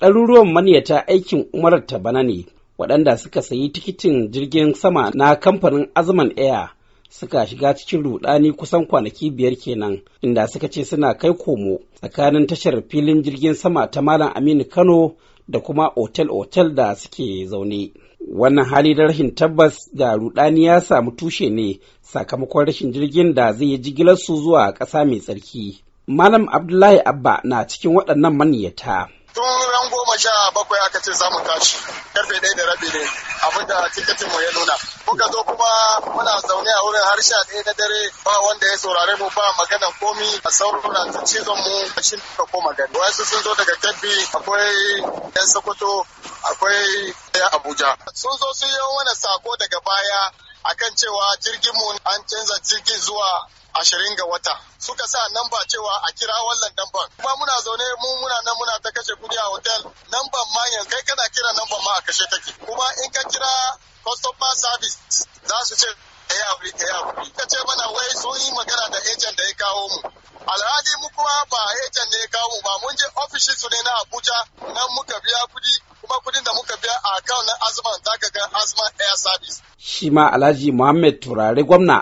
ɗaruruwan maniyata aikin umarar ta bana ne waɗanda suka sayi tikitin jirgin sama na kamfanin azman air suka shiga cikin rudani kusan kwanaki biyar kenan inda suka ce suna kai komo tsakanin tashar filin jirgin sama ta malam aminu kano da kuma otel-otel da suke zaune wannan hali da rashin tabbas da rudani ya samu tushe ne sakamakon rashin jirgin da zai yi jigilar su zuwa ƙasa mai tsarki malam abdullahi abba na cikin waɗannan maniyata tun ran goma sha bakwai aka ce zamu tashi karfe ɗaya da rabi ne abinda tiketin mu ya nuna Kuka zo kuma muna zaune a wurin harshe sha ɗaya na dare ba wanda ya saurare mu ba magana komi a saurara ta cizon mu shi ka koma gani wasu sun zo daga kebbi akwai yan sokoto akwai abuja sun zo sun yi wani sako daga baya akan cewa jirgin mu an canza jirgin zuwa ashirin ga wata suka sa namba cewa a kira wannan namban kuma muna zaune mu kai kana kira nan ma a kashe take kuma in ka kira customer service za su ce ya haƙuri ya ka ce mana wai sun yi magana da agent da ya kawo mu alhali mu kuma ba agent da ya kawo mu ba mun je ofishin su ne na abuja nan muka biya kuɗi kuma kuɗin da muka biya a account na azman za ka ga azman air service. shi ma alhaji muhammed turare gwamna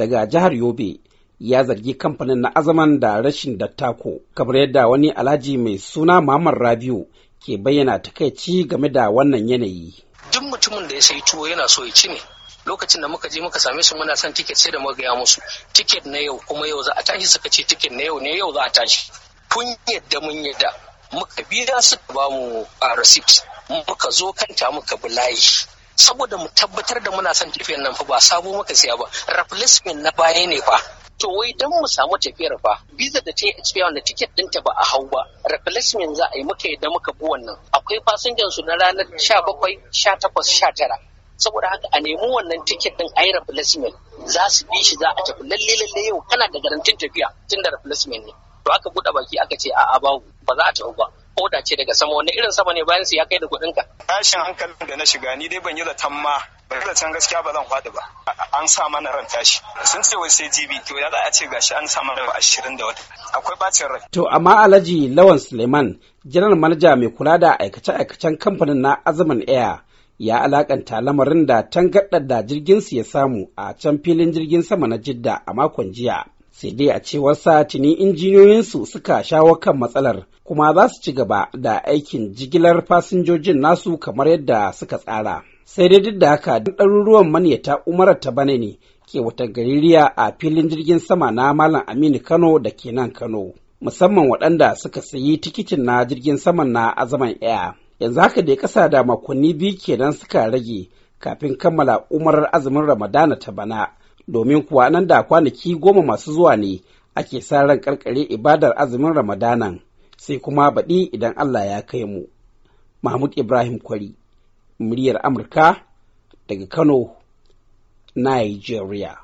daga jihar yobe ya zargi kamfanin na azaman da rashin dattako kamar yadda wani alhaji mai suna Muhammad Rabiu ke bayyana takaici game da wannan yanayi. Duk mutumin da ya sayi tuwo yana so ya ci ne. Lokacin da muka je muka same su muna son tiket sai da muka gaya musu tiket na yau kuma yau za a tashi suka ce tiket na yau ne yau za a tashi. Kun yadda mun yadda muka biya suka ba mu a receipt muka zo kanta muka bi layi. Saboda mu tabbatar da muna son tafiyan nan fa ba sabo muka siya ba replacement na baya ne fa. to wai don mu samu tafiyar fa biza da ta yi wanda tiket ɗinta ba a hau ba replacement za a yi muka yadda muka bi wannan akwai fasinjan su na ranar 17 18 tara. saboda haka a nemi wannan tiket ɗin a yi replacement za su bi shi za a tafi lalle lalle yau kana da garantin tafiya tun da replacement ne to aka buɗe baki aka ce a'a babu ba za a tafi ba oda ce daga sama wani irin sama ne bayan su ya kai da kuɗin ka tashin hankalin da na shiga ni dai ban yi zaton ma ban zaton gaskiya ba zan faɗi ba an sa mana ran tashi sun ce wai sai jibi to ya za a ce gashi an sa mana ashirin da wata akwai bacin rai to amma alhaji lawan suleiman janar manaja mai kula da aikace-aikacen kamfanin na azumin air ya alakanta lamarin da tangaɗar da jirgin su ya samu a can filin jirgin sama na jidda a makon jiya sai dai a cewar sa tuni injiniyoyinsu suka shawo kan matsalar kuma za su ci gaba da aikin jigilar fasinjojin nasu kamar yadda suka tsara sai dai duk da haka ɗaruruwan manyata umarar ta bane ne ke wata gaririya a filin jirgin sama na malam aminu kano da ke nan kano musamman waɗanda suka sayi tikitin na jirgin saman na azaman air yanzu haka dai ƙasa da makonni biyu kenan suka rage kafin kammala umarar azumin ramadana ta bana domin kuwa nan da kwanaki goma masu zuwa ne ake sa ran karkare ibadar azumin ramadanan sai kuma baɗi idan Allah ya kai mu. Mahmud Ibrahim Kwari, muryar Amurka daga Kano, Nigeria.